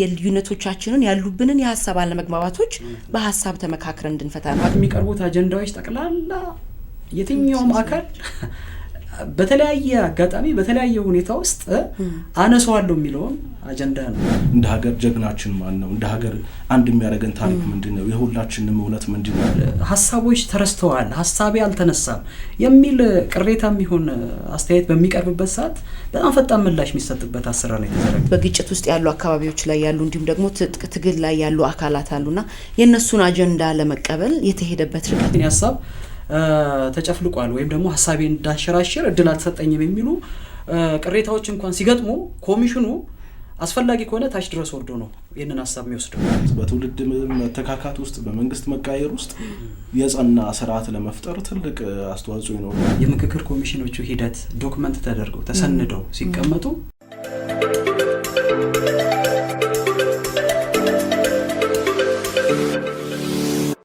የልዩነቶቻችንን ያሉብንን የሀሳብ አለመግባባቶች በሀሳብ ተመካክረን እንድንፈታ ነው። የሚቀርቡት አጀንዳዎች ጠቅላላ የትኛውም አካል በተለያየ አጋጣሚ በተለያየ ሁኔታ ውስጥ አነሰዋለሁ የሚለውን አጀንዳ ነው። እንደ ሀገር ጀግናችን ማን ነው? እንደ ሀገር አንድ የሚያደርገን ታሪክ ምንድን ነው? የሁላችንም እውነት ምንድን ነው? ሀሳቦች ተረስተዋል፣ ሀሳቤ አልተነሳም የሚል ቅሬታ የሚሆን አስተያየት በሚቀርብበት ሰዓት በጣም ፈጣን ምላሽ የሚሰጥበት አሰራር ነው የተዘረጋ። በግጭት ውስጥ ያሉ አካባቢዎች ላይ ያሉ እንዲሁም ደግሞ ትጥቅ ትግል ላይ ያሉ አካላት አሉና የእነሱን አጀንዳ ለመቀበል የተሄደበት ርቀት ሀሳብ ተጨፍልቋል ወይም ደግሞ ሀሳቤ እንዳሸራሽር እድል አልተሰጠኝም የሚሉ ቅሬታዎች እንኳን ሲገጥሙ ኮሚሽኑ አስፈላጊ ከሆነ ታች ድረስ ወርዶ ነው ይህንን ሀሳብ የሚወስደው። በትውልድ መተካካት ውስጥ በመንግስት መቃየር ውስጥ የጸና ስርዓት ለመፍጠር ትልቅ አስተዋጽኦ ይኖረዋል። የምክክር ኮሚሽኖቹ ሂደት ዶክመንት ተደርገው ተሰንደው ሲቀመጡ